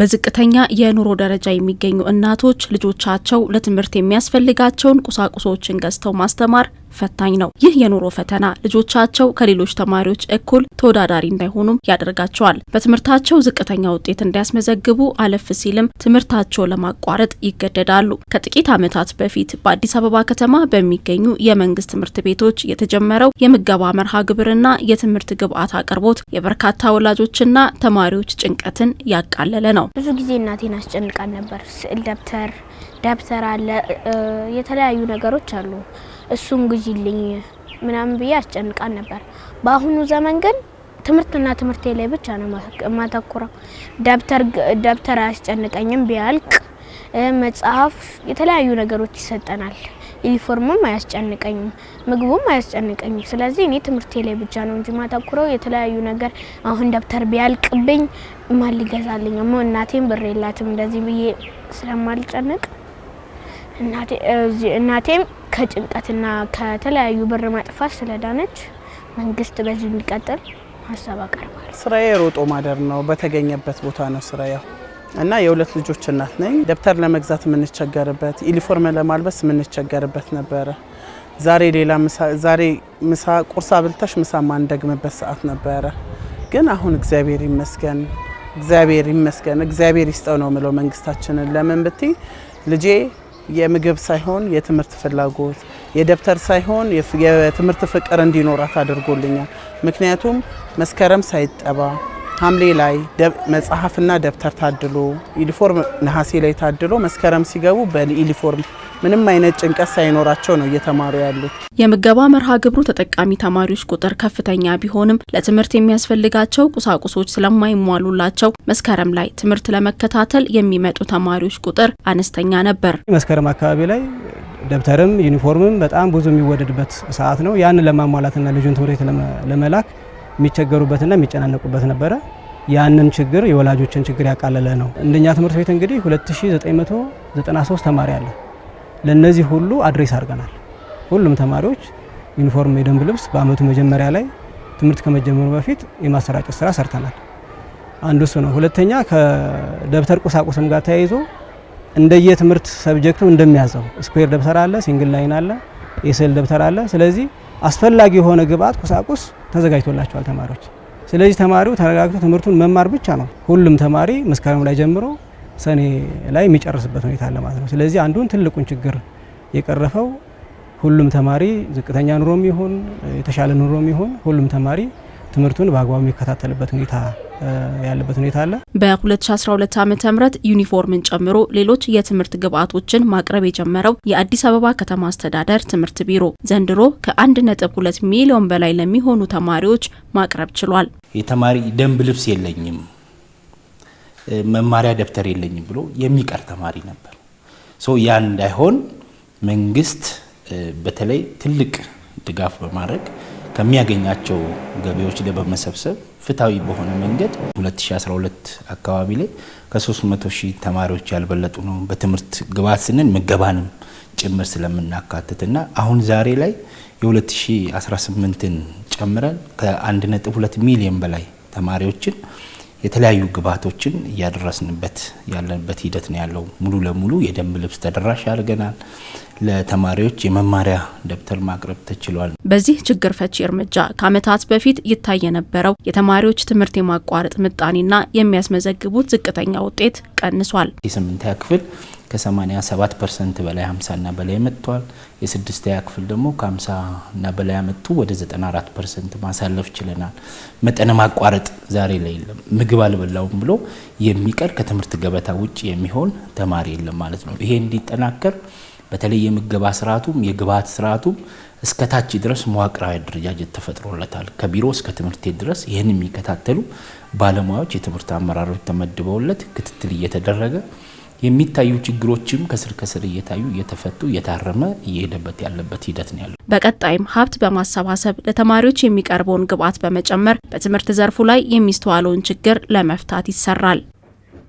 በዝቅተኛ የኑሮ ደረጃ የሚገኙ እናቶች ልጆቻቸው ለትምህርት የሚያስፈልጋቸውን ቁሳቁሶችን ገዝተው ማስተማር ፈታኝ ነው። ይህ የኑሮ ፈተና ልጆቻቸው ከሌሎች ተማሪዎች እኩል ተወዳዳሪ እንዳይሆኑም ያደርጋቸዋል። በትምህርታቸው ዝቅተኛ ውጤት እንዲያስመዘግቡ አለፍ ሲልም ትምህርታቸው ለማቋረጥ ይገደዳሉ። ከጥቂት ዓመታት በፊት በአዲስ አበባ ከተማ በሚገኙ የመንግስት ትምህርት ቤቶች የተጀመረው የምገባ መርሃ ግብርና የትምህርት ግብዓት አቅርቦት የበርካታ ወላጆችና ተማሪዎች ጭንቀትን ያቃለለ ነው። ብዙ ጊዜ እናቴን አስጨንቃን ነበር። ስዕል ደብተር ደብተር አለ፣ የተለያዩ ነገሮች አሉ እሱን ግዢልኝ ምናምን ብዬ አስጨንቃን ነበር። በአሁኑ ዘመን ግን ትምህርትና ትምህርቴ ላይ ብቻ ነው ማተኩረው። ደብተር አያስጨንቀኝም ቢያልቅ፣ መጽሐፍ፣ የተለያዩ ነገሮች ይሰጠናል። ዩኒፎርምም አያስጨንቀኝም፣ ምግቡም አያስጨንቀኝም። ስለዚህ እኔ ትምህርቴ ላይ ብቻ ነው እንጂ ማተኩረው የተለያዩ ነገር አሁን ደብተር ቢያልቅብኝ ማን ሊገዛልኝ? እናቴም ብር የላትም እንደዚህ ብዬ ስለማልጨንቅ እናቴም ከጭንቀትና ከተለያዩ ብር ማጥፋት ስለዳነች መንግስት በዚህ እንዲቀጥል ሀሳብ አቀርባል። ስራዬ የሮጦ ማደር ነው። በተገኘበት ቦታ ነው ስራ ያው እና የሁለት ልጆች እናት ነኝ። ደብተር ለመግዛት የምንቸገርበት፣ ዩኒፎርም ለማልበስ የምንቸገርበት ነበረ። ዛሬ ሌላ ዛሬ ምሳ ቁርስ አብልተሽ ምሳ ማንደግምበት ሰዓት ነበረ። ግን አሁን እግዚአብሔር ይመስገን እግዚአብሔር ይመስገን እግዚአብሔር ይስጠው ነው ምለው መንግስታችንን ለምን ብትይ ልጄ የምግብ ሳይሆን የትምህርት ፍላጎት፣ የደብተር ሳይሆን የትምህርት ፍቅር እንዲኖራት አድርጎልኛል። ምክንያቱም መስከረም ሳይጠባ ሐምሌ ላይ መጽሐፍና ደብተር ታድሎ ዩኒፎርም ነሐሴ ላይ ታድሎ መስከረም ሲገቡ በዩኒፎርም ምንም አይነት ጭንቀት ሳይኖራቸው ነው እየተማሩ ያሉት። የምገባ መርሃ ግብሩ ተጠቃሚ ተማሪዎች ቁጥር ከፍተኛ ቢሆንም ለትምህርት የሚያስፈልጋቸው ቁሳቁሶች ስለማይሟሉላቸው መስከረም ላይ ትምህርት ለመከታተል የሚመጡ ተማሪዎች ቁጥር አነስተኛ ነበር። መስከረም አካባቢ ላይ ደብተርም ዩኒፎርምም በጣም ብዙ የሚወደድበት ሰዓት ነው። ያንን ለማሟላትና ልጁን ትምህርት ለመላክ የሚቸገሩበትና የሚጨናነቁበት ነበረ። ያንን ችግር የወላጆችን ችግር ያቃለለ ነው። እንደኛ ትምህርት ቤት እንግዲህ 2993 ተማሪ አለ። ለነዚህ ሁሉ አድሬስ አድርገናል። ሁሉም ተማሪዎች ዩኒፎርም፣ የደንብ ልብስ በአመቱ መጀመሪያ ላይ ትምህርት ከመጀመሩ በፊት የማሰራጨት ስራ ሰርተናል። አንዱ እሱ ነው። ሁለተኛ ከደብተር ቁሳቁስም ጋር ተያይዞ እንደየ ትምህርት ሰብጀክቱ እንደሚያዘው ስኩዌር ደብተር አለ፣ ሲንግል ላይን አለ፣ የስዕል ደብተር አለ። ስለዚህ አስፈላጊ የሆነ ግብአት ቁሳቁስ ተዘጋጅቶላቸዋል ተማሪዎች። ስለዚህ ተማሪው ተረጋግቶ ትምህርቱን መማር ብቻ ነው። ሁሉም ተማሪ መስከረም ላይ ጀምሮ ሰኔ ላይ የሚጨርስበት ሁኔታ አለ ማለት ነው። ስለዚህ አንዱን ትልቁን ችግር የቀረፈው ሁሉም ተማሪ ዝቅተኛ ኑሮም ይሁን የተሻለ ኑሮም ይሁን ሁሉም ተማሪ ትምህርቱን በአግባቡ የሚከታተልበት ሁኔታ ያለበት ሁኔታ አለ። በ2012 ዓ ም ዩኒፎርምን ጨምሮ ሌሎች የትምህርት ግብዓቶችን ማቅረብ የጀመረው የአዲስ አበባ ከተማ አስተዳደር ትምህርት ቢሮ ዘንድሮ ከ1.2 ሚሊዮን በላይ ለሚሆኑ ተማሪዎች ማቅረብ ችሏል። የተማሪ ደንብ ልብስ የለኝም መማሪያ ደብተር የለኝም ብሎ የሚቀር ተማሪ ነበር። ያ እንዳይሆን መንግስት በተለይ ትልቅ ድጋፍ በማድረግ ከሚያገኛቸው ገቢዎች ላይ በመሰብሰብ ፍትሐዊ በሆነ መንገድ 2012 አካባቢ ላይ ከ300 ሺህ ተማሪዎች ያልበለጡ ነው። በትምህርት ግብዓት ስንል ምገባንም ጭምር ስለምናካትትና አሁን ዛሬ ላይ የ2018ን ጨምረን ከ1.2 ሚሊዮን በላይ ተማሪዎችን የተለያዩ ግብዓቶችን እያደረስንበት ያለንበት ሂደት ነው ያለው። ሙሉ ለሙሉ የደንብ ልብስ ተደራሽ አድርገናል። ለተማሪዎች የመማሪያ ደብተር ማቅረብ ተችሏል። በዚህ ችግር ፈቺ እርምጃ ከዓመታት በፊት ይታይ የነበረው የተማሪዎች ትምህርት የማቋረጥ ምጣኔና የሚያስመዘግቡት ዝቅተኛ ውጤት ቀንሷል። የስምንተኛ ክፍል ከ87 ፐርሰንት በላይ 50 እና በላይ መጥተዋል። የስድስተኛ ክፍል ደግሞ ከ50 እና በላይ መጡ ወደ 94 ፐርሰንት ማሳለፍ ችለናል። መጠነ ማቋረጥ ዛሬ ላይ የለም። ምግብ አልበላውም ብሎ የሚቀር ከትምህርት ገበታ ውጭ የሚሆን ተማሪ የለም ማለት ነው። ይሄ እንዲጠናከር በተለይ የምገባ ስርዓቱም የግብዓት ስርዓቱም እስከ ታች ድረስ መዋቅራዊ አደረጃጀት ተፈጥሮለታል። ከቢሮ እስከ ትምህርት ቤት ድረስ ይህን የሚከታተሉ ባለሙያዎች፣ የትምህርት አመራሮች ተመድበውለት ክትትል እየተደረገ የሚታዩ ችግሮችም ከስር ከስር እየታዩ እየተፈቱ እየታረመ እየሄደበት ያለበት ሂደት ነው ያለው። በቀጣይም ሀብት በማሰባሰብ ለተማሪዎች የሚቀርበውን ግብዓት በመጨመር በትምህርት ዘርፉ ላይ የሚስተዋለውን ችግር ለመፍታት ይሰራል።